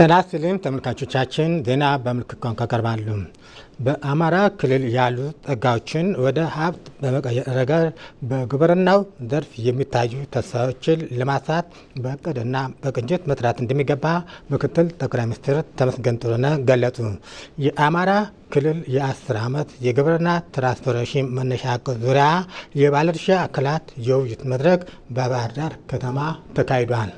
ጤና ይስጥልን ተመልካቾቻችን፣ ዜና በምልክት ቋንቋ ይቀርባሉ። በአማራ ክልል ያሉ ጸጋዎችን ወደ ሀብት በመቀየር ረገድ በግብርናው ዘርፍ የሚታዩ ተስፋዎችን ለማሳት በእቅድና በቅንጅት መስራት እንደሚገባ ምክትል ጠቅላይ ሚኒስትር ተመስገን ጥሩነህ ገለጹ። የአማራ ክልል የአስር ዓመት የግብርና ትራንስፎርሜሽን መነሻ ዕቅድ ዙሪያ የባለድርሻ አካላት የውይይት መድረክ በባህር ዳር ከተማ ተካሂዷል።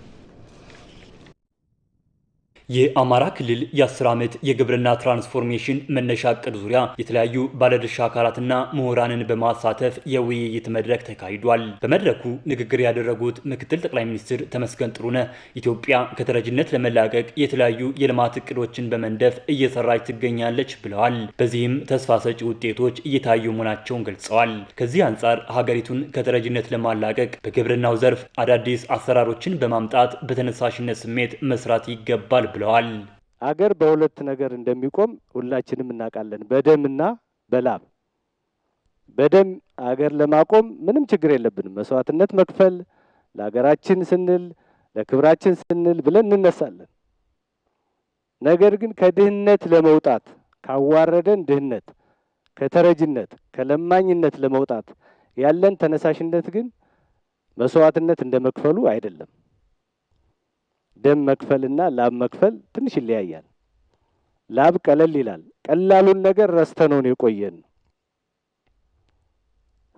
የአማራ ክልል የ10 ዓመት የግብርና ትራንስፎርሜሽን መነሻ እቅድ ዙሪያ የተለያዩ ባለድርሻ አካላትና ምሁራንን በማሳተፍ የውይይት መድረክ ተካሂዷል። በመድረኩ ንግግር ያደረጉት ምክትል ጠቅላይ ሚኒስትር ተመስገን ጥሩነህ ኢትዮጵያ ከተረጅነት ለመላቀቅ የተለያዩ የልማት እቅዶችን በመንደፍ እየሰራች ትገኛለች ብለዋል። በዚህም ተስፋ ሰጪ ውጤቶች እየታዩ መሆናቸውን ገልጸዋል። ከዚህ አንጻር ሀገሪቱን ከተረጅነት ለማላቀቅ በግብርናው ዘርፍ አዳዲስ አሰራሮችን በማምጣት በተነሳሽነት ስሜት መስራት ይገባል ብለዋል። አገር በሁለት ነገር እንደሚቆም ሁላችንም እናውቃለን፣ በደምና በላብ። በደም አገር ለማቆም ምንም ችግር የለብንም። መስዋዕትነት መክፈል ለሀገራችን ስንል ለክብራችን ስንል ብለን እንነሳለን። ነገር ግን ከድህነት ለመውጣት ካዋረደን ድህነት ከተረጅነት ከለማኝነት ለመውጣት ያለን ተነሳሽነት ግን መስዋዕትነት እንደ መክፈሉ አይደለም። ደም መክፈልና ላብ መክፈል ትንሽ ይለያያል። ላብ ቀለል ይላል። ቀላሉን ነገር ረስተ ነው የቆየን።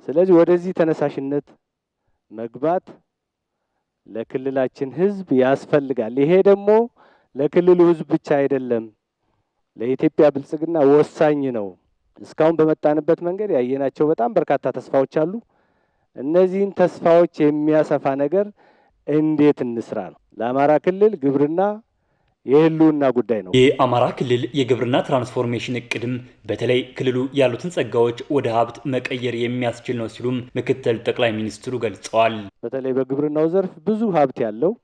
ስለዚህ ወደዚህ ተነሳሽነት መግባት ለክልላችን ሕዝብ ያስፈልጋል። ይሄ ደግሞ ለክልሉ ሕዝብ ብቻ አይደለም፣ ለኢትዮጵያ ብልጽግና ወሳኝ ነው። እስካሁን በመጣንበት መንገድ ያየናቸው በጣም በርካታ ተስፋዎች አሉ። እነዚህን ተስፋዎች የሚያሰፋ ነገር እንዴት እንስራ ነው። ለአማራ ክልል ግብርና የህልውና ጉዳይ ነው። የአማራ ክልል የግብርና ትራንስፎርሜሽን እቅድም በተለይ ክልሉ ያሉትን ጸጋዎች ወደ ሀብት መቀየር የሚያስችል ነው ሲሉም ምክትል ጠቅላይ ሚኒስትሩ ገልጸዋል። በተለይ በግብርናው ዘርፍ ብዙ ሀብት ያለው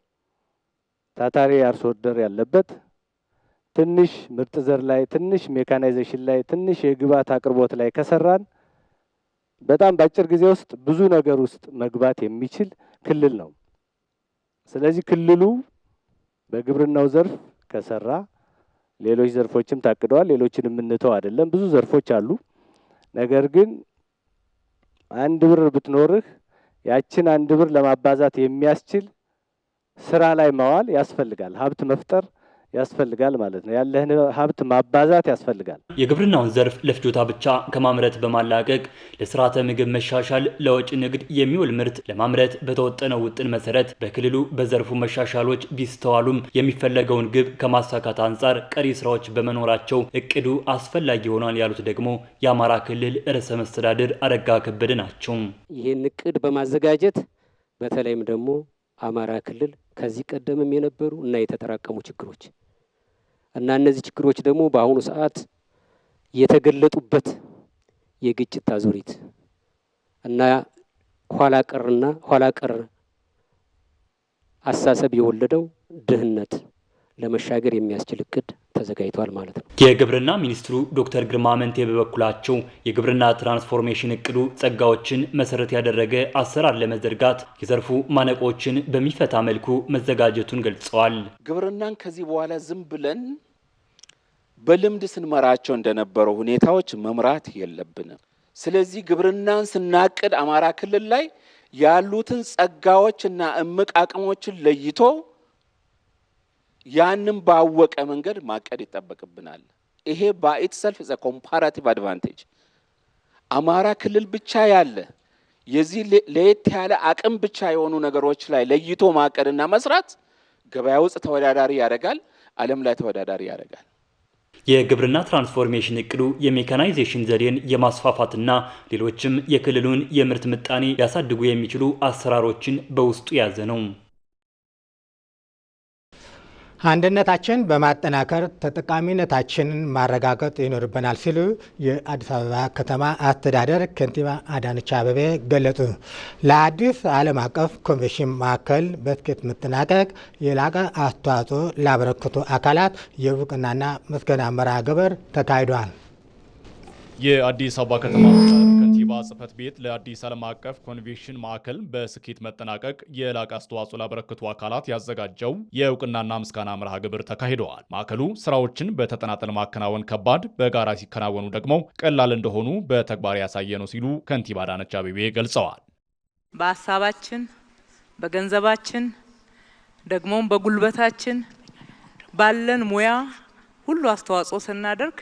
ታታሪ አርሶ አደር ያለበት ትንሽ ምርጥ ዘር ላይ፣ ትንሽ ሜካናይዜሽን ላይ፣ ትንሽ የግብዓት አቅርቦት ላይ ከሰራን በጣም በአጭር ጊዜ ውስጥ ብዙ ነገር ውስጥ መግባት የሚችል ክልል ነው። ስለዚህ ክልሉ በግብርናው ዘርፍ ከሰራ ሌሎች ዘርፎችም ታቅደዋል። ሌሎችን የምንተው አይደለም። ብዙ ዘርፎች አሉ። ነገር ግን አንድ ብር ብትኖርህ ያችን አንድ ብር ለማባዛት የሚያስችል ስራ ላይ ማዋል ያስፈልጋል። ሀብት መፍጠር ያስፈልጋል ማለት ነው። ያለህን ሀብት ማባዛት ያስፈልጋል። የግብርናውን ዘርፍ ለፍጆታ ብቻ ከማምረት በማላቀቅ ለስርዓተ ምግብ መሻሻል፣ ለወጪ ንግድ የሚውል ምርት ለማምረት በተወጠነው ውጥን መሰረት በክልሉ በዘርፉ መሻሻሎች ቢስተዋሉም የሚፈለገውን ግብ ከማሳካት አንጻር ቀሪ ስራዎች በመኖራቸው እቅዱ አስፈላጊ ሆኗል ያሉት ደግሞ የአማራ ክልል ርዕሰ መስተዳድር አረጋ ከበደ ናቸው። ይህን እቅድ በማዘጋጀት በተለይም ደግሞ አማራ ክልል ከዚህ ቀደምም የነበሩ እና የተጠራቀሙ ችግሮች እና እነዚህ ችግሮች ደግሞ በአሁኑ ሰዓት የተገለጡበት የግጭት አዙሪት እና ኋላ ቀርና ኋላ ቀር አሳሰብ የወለደው ድህነት ለመሻገር የሚያስችል እቅድ ተዘጋጅቷል ማለት ነው። የግብርና ሚኒስትሩ ዶክተር ግርማ መንቴ በበኩላቸው የግብርና ትራንስፎርሜሽን እቅዱ ጸጋዎችን መሰረት ያደረገ አሰራር ለመዘርጋት የዘርፉ ማነቆችን በሚፈታ መልኩ መዘጋጀቱን ገልጸዋል። ግብርናን ከዚህ በኋላ ዝም ብለን በልምድ ስንመራቸው እንደነበረው ሁኔታዎች መምራት የለብንም። ስለዚህ ግብርናን ስናቅድ አማራ ክልል ላይ ያሉትን ጸጋዎችና እምቅ አቅሞችን ለይቶ ያንን ባወቀ መንገድ ማቀድ ይጠበቅብናል። ይሄ ባኢትሰልፍ ዘ ኮምፓራቲቭ አድቫንቴጅ አማራ ክልል ብቻ ያለ የዚህ ለየት ያለ አቅም ብቻ የሆኑ ነገሮች ላይ ለይቶ ማቀድና መስራት ገበያ ውስጥ ተወዳዳሪ ያደርጋል፣ ዓለም ላይ ተወዳዳሪ ያደርጋል። የግብርና ትራንስፎርሜሽን እቅዱ የሜካናይዜሽን ዘዴን የማስፋፋትና ሌሎችም የክልሉን የምርት ምጣኔ ሊያሳድጉ የሚችሉ አሰራሮችን በውስጡ የያዘ ነው። አንድነታችን በማጠናከር ተጠቃሚነታችንን ማረጋገጥ ይኖርብናል ሲሉ የአዲስ አበባ ከተማ አስተዳደር ከንቲባ አዳነች አበቤ ገለጹ። ለአዲስ ዓለም አቀፍ ኮንቬንሽን ማዕከል በስኬት መጠናቀቅ የላቀ አስተዋጽኦ ላበረከቱ አካላት የእውቅናና ምስጋና መርሃ ግብር ተካሂዷል። የአዲስ አበባ ከተማ ከንቲባ ጽህፈት ቤት ለአዲስ ዓለም አቀፍ ኮንቬንሽን ማዕከል በስኬት መጠናቀቅ የላቀ አስተዋጽኦ ላበረክቱ አካላት ያዘጋጀው የእውቅናና ምስጋና መርሃ ግብር ተካሂደዋል። ማዕከሉ ስራዎችን በተጠናጠል ማከናወን ከባድ፣ በጋራ ሲከናወኑ ደግሞ ቀላል እንደሆኑ በተግባር ያሳየ ነው ሲሉ ከንቲባ አዳነች አቤቤ ገልጸዋል። በሀሳባችን፣ በገንዘባችን ደግሞም በጉልበታችን ባለን ሙያ ሁሉ አስተዋጽኦ ስናደርግ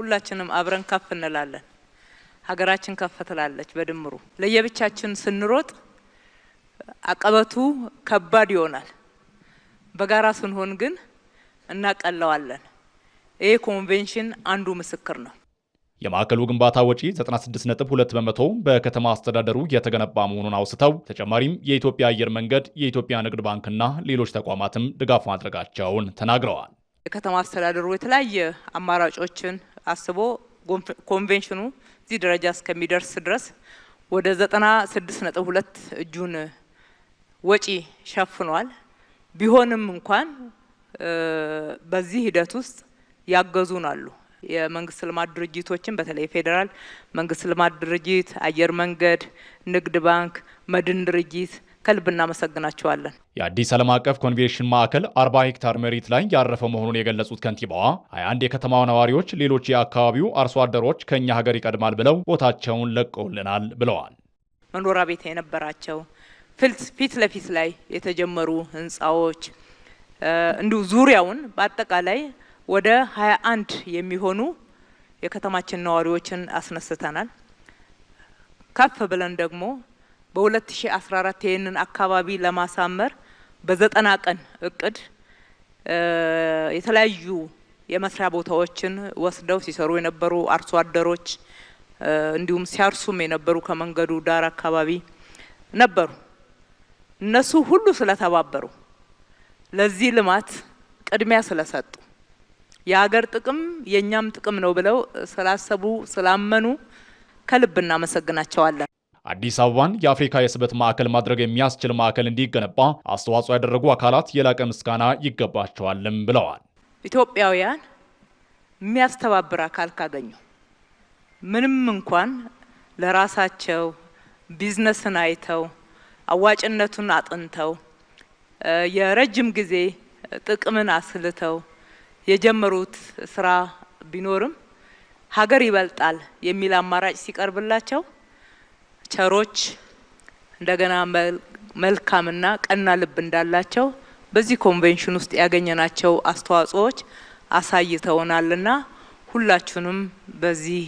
ሁላችንም አብረን ከፍ እንላለን። ሀገራችን ከፍ ትላለች። በድምሩ ለየብቻችን ስንሮጥ አቀበቱ ከባድ ይሆናል። በጋራ ስንሆን ግን እናቀለዋለን። ይሄ ኮንቬንሽን አንዱ ምስክር ነው። የማዕከሉ ግንባታ ወጪ 96.2 በመቶ በከተማ አስተዳደሩ የተገነባ መሆኑን አውስተው ተጨማሪም የኢትዮጵያ አየር መንገድ፣ የኢትዮጵያ ንግድ ባንክና ሌሎች ተቋማትም ድጋፍ ማድረጋቸውን ተናግረዋል። የከተማ አስተዳደሩ የተለያየ አማራጮችን አስቦ ኮንቬንሽኑ እዚህ ደረጃ እስከሚደርስ ድረስ ወደ ዘጠና ስድስት ነጥብ ሁለት እጁን ወጪ ሸፍኗል። ቢሆንም እንኳን በዚህ ሂደት ውስጥ ያገዙን አሉ። የመንግስት ልማት ድርጅቶችን በተለይ ፌዴራል መንግስት ልማት ድርጅት፣ አየር መንገድ፣ ንግድ ባንክ፣ መድን ድርጅት ከልብ እናመሰግናቸዋለን። የአዲስ ዓለም አቀፍ ኮንቬንሽን ማዕከል 40 ሄክታር መሬት ላይ ያረፈ መሆኑን የገለጹት ከንቲባዋ 21 የከተማዋ ነዋሪዎች፣ ሌሎች የአካባቢው አርሶ አደሮች ከእኛ ሀገር ይቀድማል ብለው ቦታቸውን ለቀውልናል ብለዋል። መኖሪያ ቤት የነበራቸው ፊት ለፊት ላይ የተጀመሩ ህንፃዎች እንዲሁ ዙሪያውን በአጠቃላይ ወደ 21 የሚሆኑ የከተማችን ነዋሪዎችን አስነስተናል። ከፍ ብለን ደግሞ በ2014 ይህንን አካባቢ ለማሳመር በዘጠና ቀን እቅድ የተለያዩ የመስሪያ ቦታዎችን ወስደው ሲሰሩ የነበሩ አርሶ አደሮች እንዲሁም ሲያርሱም የነበሩ ከመንገዱ ዳር አካባቢ ነበሩ። እነሱ ሁሉ ስለተባበሩ ለዚህ ልማት ቅድሚያ ስለሰጡ የሀገር ጥቅም የእኛም ጥቅም ነው ብለው ስላሰቡ ስላመኑ ከልብ እናመሰግናቸዋለን። አዲስ አበባን የአፍሪካ የስበት ማዕከል ማድረግ የሚያስችል ማዕከል እንዲገነባ አስተዋጽኦ ያደረጉ አካላት የላቀ ምስጋና ይገባቸዋልም ብለዋል። ኢትዮጵያውያን የሚያስተባብር አካል ካገኙ ምንም እንኳን ለራሳቸው ቢዝነስን አይተው አዋጭነቱን አጥንተው የረጅም ጊዜ ጥቅምን አስልተው የጀመሩት ስራ ቢኖርም ሀገር ይበልጣል የሚል አማራጭ ሲቀርብላቸው ቸሮች እንደገና መልካምና ቀና ልብ እንዳላቸው በዚህ ኮንቬንሽን ውስጥ ያገኘናቸው አስተዋጽኦዎች አሳይተውናልና ሁላችሁንም በዚህ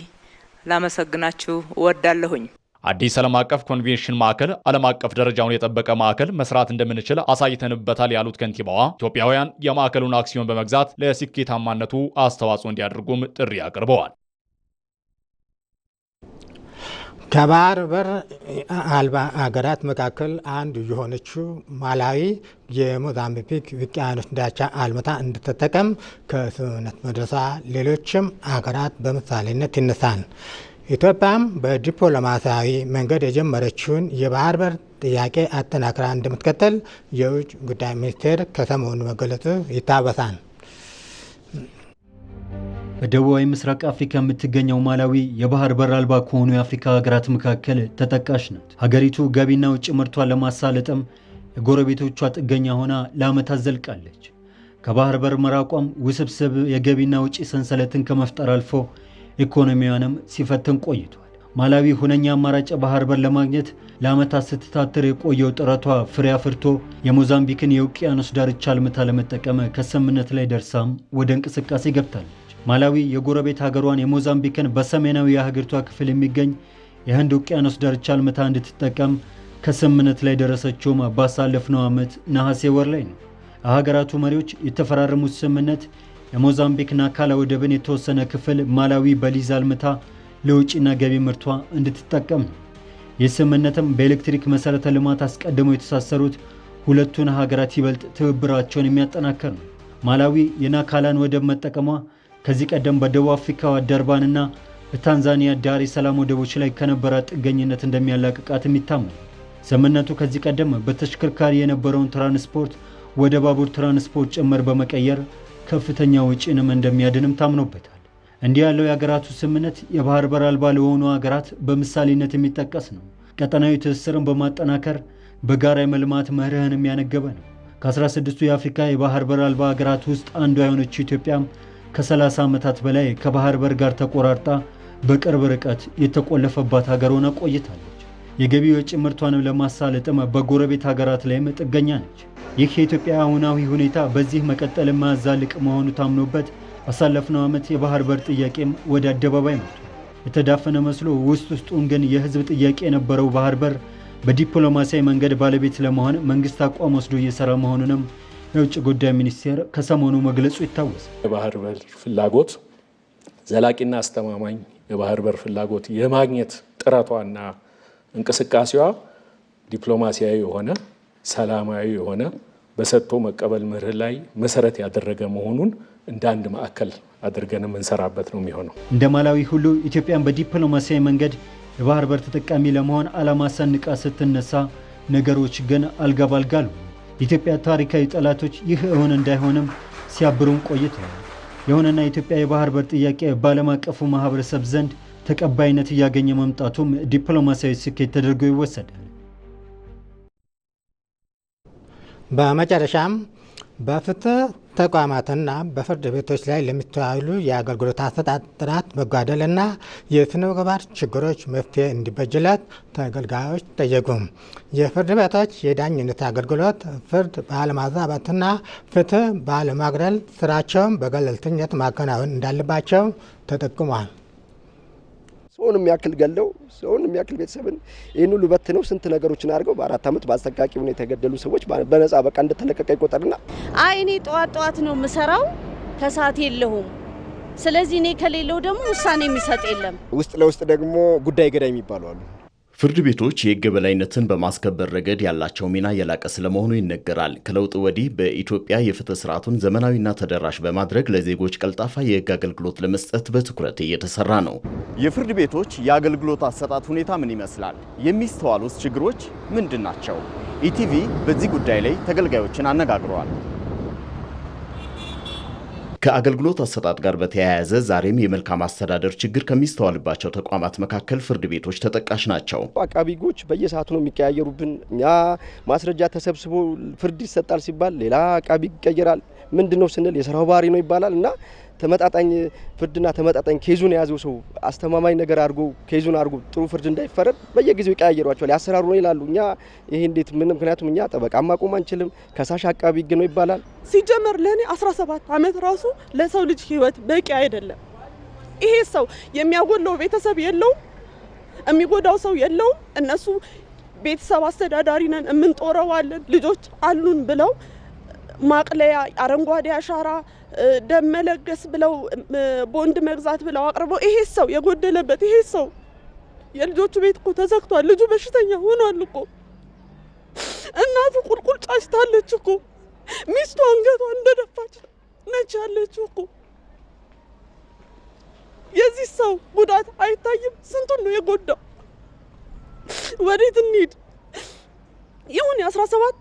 ላመሰግናችሁ እወዳለሁኝ። አዲስ ዓለም አቀፍ ኮንቬንሽን ማዕከል ዓለም አቀፍ ደረጃውን የጠበቀ ማዕከል መስራት እንደምንችል አሳይተንበታል ያሉት ከንቲባዋ ኢትዮጵያውያን የማዕከሉን አክሲዮን በመግዛት ለስኬታማነቱ አስተዋጽኦ እንዲያደርጉም ጥሪ አቅርበዋል። ከባህር በር አልባ አገራት መካከል አንዱ የሆነችው ማላዊ የሞዛምቢክ ውቅያኖስ ዳርቻ አልምታ እንድትጠቀም ከስምምነት መድረሷ ሌሎችም አገራት በምሳሌነት ይነሳል። ኢትዮጵያም በዲፕሎማሲያዊ መንገድ የጀመረችውን የባህር በር ጥያቄ አጠናክራ እንደምትቀጥል የውጭ ጉዳይ ሚኒስቴር ከሰሞኑ መገለጹ ይታወሳል። በደቡባዊ ምስራቅ አፍሪካ የምትገኘው ማላዊ የባህር በር አልባ ከሆኑ የአፍሪካ ሀገራት መካከል ተጠቃሽ ናት። ሀገሪቱ ገቢና ውጭ ምርቷን ለማሳለጥም የጎረቤቶቿ ጥገኛ ሆና ለዓመታት ዘልቃለች። ከባህር በር መራቋም ውስብስብ የገቢና ውጭ ሰንሰለትን ከመፍጠር አልፎ ኢኮኖሚዋንም ሲፈትን ቆይቷል። ማላዊ ሁነኛ አማራጭ ባህር በር ለማግኘት ለዓመታት ስትታትር የቆየው ጥረቷ ፍሬ አፍርቶ የሞዛምቢክን የውቅያኖስ ዳርቻ አልምታ ለመጠቀም ከስምምነት ላይ ደርሳም ወደ እንቅስቃሴ ገብታለች። ማላዊ የጎረቤት ሀገሯን የሞዛምቢክን በሰሜናዊ የሀገሪቷ ክፍል የሚገኝ የህንድ ውቅያኖስ ዳርቻ አልምታ እንድትጠቀም ከስምምነት ላይ ደረሰችውም ባሳለፍነው ዓመት ነሐሴ ወር ላይ ነው። የሀገራቱ መሪዎች የተፈራረሙት ስምምነት የሞዛምቢክ ናካላ ወደብን የተወሰነ ክፍል ማላዊ በሊዝ አልምታ ለውጭና ገቢ ምርቷ እንድትጠቀም ነው። ይህ ስምምነትም በኤሌክትሪክ መሠረተ ልማት አስቀድመው የተሳሰሩት ሁለቱን ሀገራት ይበልጥ ትብብራቸውን የሚያጠናከር ነው። ማላዊ የናካላን ወደብ መጠቀሟ ከዚህ ቀደም በደቡብ አፍሪካ ደርባንና በታንዛኒያ ዳሬ ሰላም ወደቦች ላይ ከነበረ ጥገኝነት እንደሚያላቅቃትም ይታመን። ስምምነቱ ከዚህ ቀደም በተሽከርካሪ የነበረውን ትራንስፖርት ወደ ባቡር ትራንስፖርት ጭምር በመቀየር ከፍተኛ ወጪንም እንደሚያድንም ታምኖበታል። እንዲህ ያለው የሀገራቱ ስምምነት የባህር በር አልባ ለሆኑ ሀገራት በምሳሌነት የሚጠቀስ ነው። ቀጠናዊ ትስስርን በማጠናከር በጋራ የመልማት መርህን የሚያነገበ ነው። ከ16ቱ የአፍሪካ የባህር በር አልባ ሀገራት ውስጥ አንዷ የሆነችው ኢትዮጵያም ከ30 ዓመታት በላይ ከባህር በር ጋር ተቆራርጣ በቅርብ ርቀት የተቆለፈባት ሀገር ሆና ቆይታለች። የገቢ ወጪ ምርቷንም ለማሳለጥም በጎረቤት ሀገራት ላይም ጥገኛ ነች። ይህ የኢትዮጵያ አሁናዊ ሁኔታ በዚህ መቀጠል ማያዛልቅ መሆኑ ታምኖበት አሳለፍነው ዓመት የባህር በር ጥያቄም ወደ አደባባይ መጡ። የተዳፈነ መስሎ ውስጥ ውስጡን ግን የህዝብ ጥያቄ የነበረው ባህር በር በዲፕሎማሲያዊ መንገድ ባለቤት ለመሆን መንግስት አቋም ወስዶ እየሰራ መሆኑንም የውጭ ጉዳይ ሚኒስቴር ከሰሞኑ መግለጹ ይታወሳል። የባህር በር ፍላጎት ዘላቂና አስተማማኝ የባህር በር ፍላጎት የማግኘት ጥረቷና እንቅስቃሴዋ ዲፕሎማሲያዊ የሆነ ሰላማዊ የሆነ በሰጥቶ መቀበል መርህ ላይ መሰረት ያደረገ መሆኑን እንደ አንድ ማዕከል አድርገን የምንሰራበት ነው የሚሆነው። እንደ ማላዊ ሁሉ ኢትዮጵያን በዲፕሎማሲያዊ መንገድ የባህር በር ተጠቃሚ ለመሆን ዓላማ ሰንቃ ስትነሳ ነገሮች ግን አልጋ ባልጋ አሉ። የኢትዮጵያ ታሪካዊ ጠላቶች ይህ እውን እንዳይሆንም ሲያብሩም ቆይተዋል። የሆነና የኢትዮጵያ የባህር በር ጥያቄ በዓለም አቀፉ ማህበረሰብ ዘንድ ተቀባይነት እያገኘ መምጣቱም ዲፕሎማሲያዊ ስኬት ተደርጎ ይወሰዳል። በመጨረሻም በፍትህ ተቋማትና በፍርድ ቤቶች ላይ ለሚተዋሉ የአገልግሎት አሰጣጥ ጥራት መጓደልና የስነ ምግባር ችግሮች መፍትሄ እንዲበጅለት ተገልጋዮች ጠየቁ። የፍርድ ቤቶች የዳኝነት አገልግሎት ፍርድ ባለማዛባትና ፍትህ ባለማግደል ስራቸውን በገለልተኝነት ማከናወን እንዳለባቸው ተጠቅሟል። ሰውን የሚያክል ገለው ሰውን የሚያክል ቤተሰብን ይህን ሁሉ በት ነው ስንት ነገሮችን አድርገው በአራት ዓመት በአስጠቃቂ ሁኔታ የተገደሉ ሰዎች በነጻ በቃ እንደተለቀቀ ይቆጠርና፣ አይ እኔ ጠዋት ጠዋት ነው የምሰራው ከሰዓት የለሁም። ስለዚህ እኔ ከሌለው ደግሞ ውሳኔ የሚሰጥ የለም። ውስጥ ለውስጥ ደግሞ ጉዳይ ገዳይ የሚባሉ አሉ። ፍርድ ቤቶች የሕግ የበላይነትን በማስከበር ረገድ ያላቸው ሚና የላቀ ስለመሆኑ ይነገራል። ከለውጥ ወዲህ በኢትዮጵያ የፍትህ ስርዓቱን ዘመናዊና ተደራሽ በማድረግ ለዜጎች ቀልጣፋ የህግ አገልግሎት ለመስጠት በትኩረት እየተሰራ ነው። የፍርድ ቤቶች የአገልግሎት አሰጣጥ ሁኔታ ምን ይመስላል? የሚስተዋሉት ችግሮች ምንድን ናቸው? ኢቲቪ በዚህ ጉዳይ ላይ ተገልጋዮችን አነጋግረዋል። ከአገልግሎት አሰጣጥ ጋር በተያያዘ ዛሬም የመልካም አስተዳደር ችግር ከሚስተዋልባቸው ተቋማት መካከል ፍርድ ቤቶች ተጠቃሽ ናቸው። አቃቢ ሕጎች በየሰዓቱ ነው የሚቀያየሩብን። እኛ ማስረጃ ተሰብስቦ ፍርድ ይሰጣል ሲባል ሌላ አቃቢ ይቀየራል። ምንድን ነው ስንል የስራው ባህሪ ነው ይባላል እና ተመጣጣኝ ፍርድና ተመጣጣኝ ኬዙን የያዘው ሰው አስተማማኝ ነገር አድርጎ ኬዙን አድርጎ ጥሩ ፍርድ እንዳይፈረድ በየጊዜው ይቀያየሯቸዋል። ያሰራሩ ነው ይላሉ። እኛ ይሄ እንዴት ምን? ምክንያቱም እኛ ጠበቃ ማቆም አንችልም። ከሳሽ አቃቢ ሕግ ነው ይባላል። ሲጀመር ለእኔ 17 ዓመት ራሱ ለሰው ልጅ ህይወት በቂ አይደለም። ይሄ ሰው የሚያጎለው ቤተሰብ የለውም፣ የሚጎዳው ሰው የለውም። እነሱ ቤተሰብ አስተዳዳሪ ነን የምንጦረዋለን ልጆች አሉን ብለው ማቅለያ አረንጓዴ አሻራ ደም መለገስ ብለው ቦንድ መግዛት ብለው አቅርበው ይሄ ሰው የጎደለበት ይሄ ሰው የልጆቹ ቤት እኮ ተዘግቷል። ልጁ በሽተኛ ሆኗል እኮ እናቱ ቁልቁል ጫጭታለች እኮ ሚስቱ አንገቷ እንደደፋች ነች ያለችው እኮ። የዚህ ሰው ጉዳት አይታይም። ስንቱን ነው የጎዳው? ወዴት እንሂድ? ይሁን የአስራ ሰባት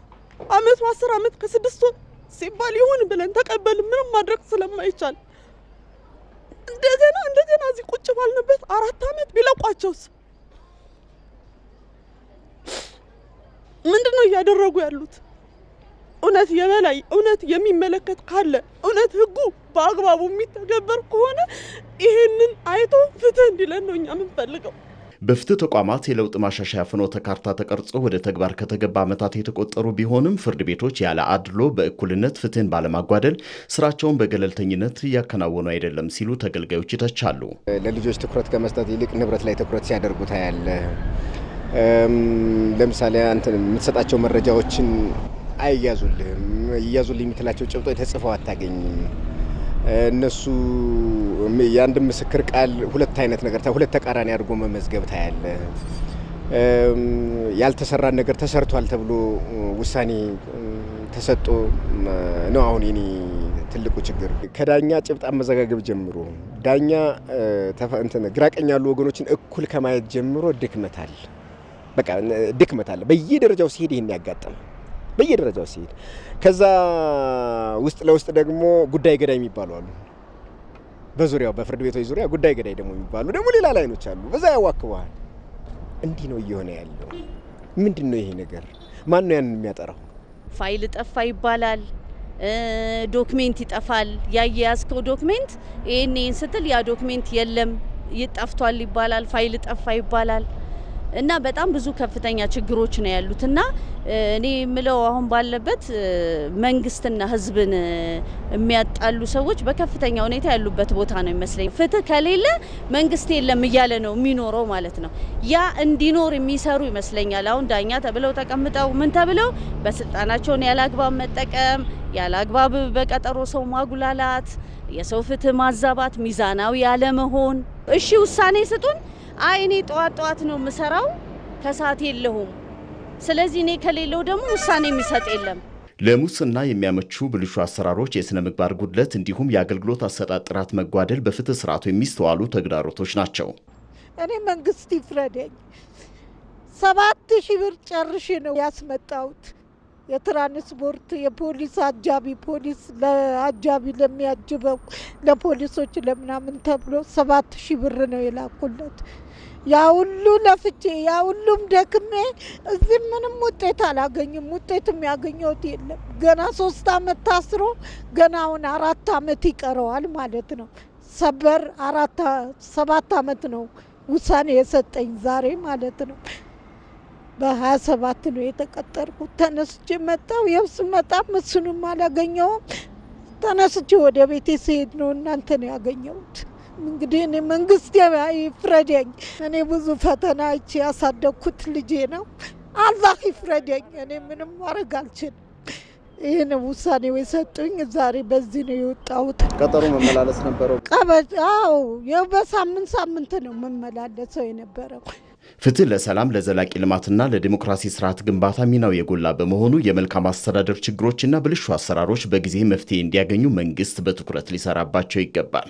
አመቱ አስር አመት ከስድስት ወር ሲባል ይሁን ብለን ተቀበል ምንም ማድረግ ስለማይቻል እንደገና እንደገና እዚህ ቁጭ ባልንበት አራት አመት ቢለቋቸውስ ምንድን ነው እያደረጉ ያሉት? እውነት የበላይ እውነት የሚመለከት ካለ እውነት ህጉ በአግባቡ የሚተገበር ከሆነ ይህንን አይቶ ፍትህ እንዲለን ነው እኛ የምንፈልገው። በፍትህ ተቋማት የለውጥ ማሻሻያ ፍኖተ ካርታ ተቀርጾ ወደ ተግባር ከተገባ ዓመታት የተቆጠሩ ቢሆንም ፍርድ ቤቶች ያለ አድሎ በእኩልነት ፍትህን ባለማጓደል ስራቸውን በገለልተኝነት እያከናወኑ አይደለም ሲሉ ተገልጋዮች ይተቻሉ። ለልጆች ትኩረት ከመስጠት ይልቅ ንብረት ላይ ትኩረት ሲያደርጉ ታያለ። ለምሳሌ አንተ የምትሰጣቸው መረጃዎችን አይያዙልህም። እያዙልኝ የምትላቸው ጭብጦች ተጽፈው አታገኝም። እነሱ የአንድ ምስክር ቃል ሁለት አይነት ነገር ሁለት ተቃራኒ አድርጎ መመዝገብ ታያለ። ያልተሰራን ነገር ተሰርቷል ተብሎ ውሳኔ ተሰጦ ነው። አሁን የኔ ትልቁ ችግር ከዳኛ ጭብጣ መዘጋገብ ጀምሮ ዳኛ ግራቀኝ ያሉ ወገኖችን እኩል ከማየት ጀምሮ ድክመታል፣ በቃ ድክመታል። በየደረጃው ሲሄድ ይህን ያጋጥም በየደረጃው ሲሄድ ከዛ ውስጥ ለውስጥ ደግሞ ጉዳይ ገዳይ የሚባሉ አሉ። በዙሪያው በፍርድ ቤቶች ዙሪያ ጉዳይ ገዳይ ደግሞ የሚባሉ ደግሞ ሌላ ላይኖች አሉ። በዛ ያዋክበዋል። እንዲህ ነው እየሆነ ያለው። ምንድን ነው ይሄ ነገር? ማን ነው ያንን የሚያጠራው? ፋይል ጠፋ ይባላል። ዶክሜንት ይጠፋል። ያያያዝከው ዶክሜንት ይህን ይህን ስትል ያ ዶክሜንት የለም ይጠፍቷል ይባላል። ፋይል ጠፋ ይባላል። እና በጣም ብዙ ከፍተኛ ችግሮች ነው ያሉት እና እኔ የምለው አሁን ባለበት መንግስትና ህዝብን የሚያጣሉ ሰዎች በከፍተኛ ሁኔታ ያሉበት ቦታ ነው ይመስለኝ። ፍትህ ከሌለ መንግስት የለም እያለ ነው የሚኖረው ማለት ነው። ያ እንዲኖር የሚሰሩ ይመስለኛል። አሁን ዳኛ ተብለው ተቀምጠው ምን ተብለው በስልጣናቸውን ያለ አግባብ መጠቀም፣ ያለ አግባብ በቀጠሮ ሰው ማጉላላት፣ የሰው ፍትህ ማዛባት፣ ሚዛናዊ ያለመሆን። እሺ ውሳኔ ስጡን አይ እኔ ጠዋት ጠዋት ነው የምሰራው ከሰዓት የለሁም። ስለዚህ እኔ ከሌለው ደግሞ ውሳኔ የሚሰጥ የለም። ለሙስና የሚያመቹ ብልሹ አሰራሮች፣ የሥነ ምግባር ጉድለት እንዲሁም የአገልግሎት አሰጣጥ ጥራት መጓደል በፍትህ ስርዓቱ የሚስተዋሉ ተግዳሮቶች ናቸው። እኔ መንግስት ይፍረደኝ። ሰባት ሺህ ብር ጨርሼ ነው ያስመጣሁት። የትራንስፖርት የፖሊስ አጃቢ ፖሊስ ለአጃቢ ለሚያጅበው ለፖሊሶች ለምናምን ተብሎ ሰባት ሺህ ብር ነው የላኩለት። ያ ሁሉ ለፍቼ ያ ሁሉም ደክሜ እዚህ ምንም ውጤት አላገኝም። ውጤት የሚያገኘውት የለም። ገና ሶስት አመት ታስሮ ገና አሁን አራት አመት ይቀረዋል ማለት ነው። ሰበር አራት ሰባት አመት ነው ውሳኔ የሰጠኝ ዛሬ ማለት ነው። በሀያ ሰባት ነው የተቀጠርኩት። ተነስቼ መጣሁ። የው ስመጣ ምስኑም አላገኘውም። ተነስቼ ወደ ቤቴ ስሄድ ነው እናንተ ነው ያገኘሁት። እንግዲህ እኔ መንግስት ይፍረደኝ። እኔ ብዙ ፈተና ይቺ ያሳደግኩት ልጄ ነው። አላህ ይፍረደኝ። እኔ ምንም ማድረግ አልችልም። ይህን ውሳኔው የሰጡኝ ዛሬ በዚህ ነው የወጣሁት። ቀጠሮ መመላለስ ነበረው። አዎ በሳምንት ሳምንት ነው መመላለሰው የነበረው። ፍትህ ለሰላም ለዘላቂ ልማትና ለዲሞክራሲ ስርዓት ግንባታ ሚናው የጎላ በመሆኑ የመልካም አስተዳደር ችግሮችና ብልሹ አሰራሮች በጊዜ መፍትሄ እንዲያገኙ መንግስት በትኩረት ሊሰራባቸው ይገባል።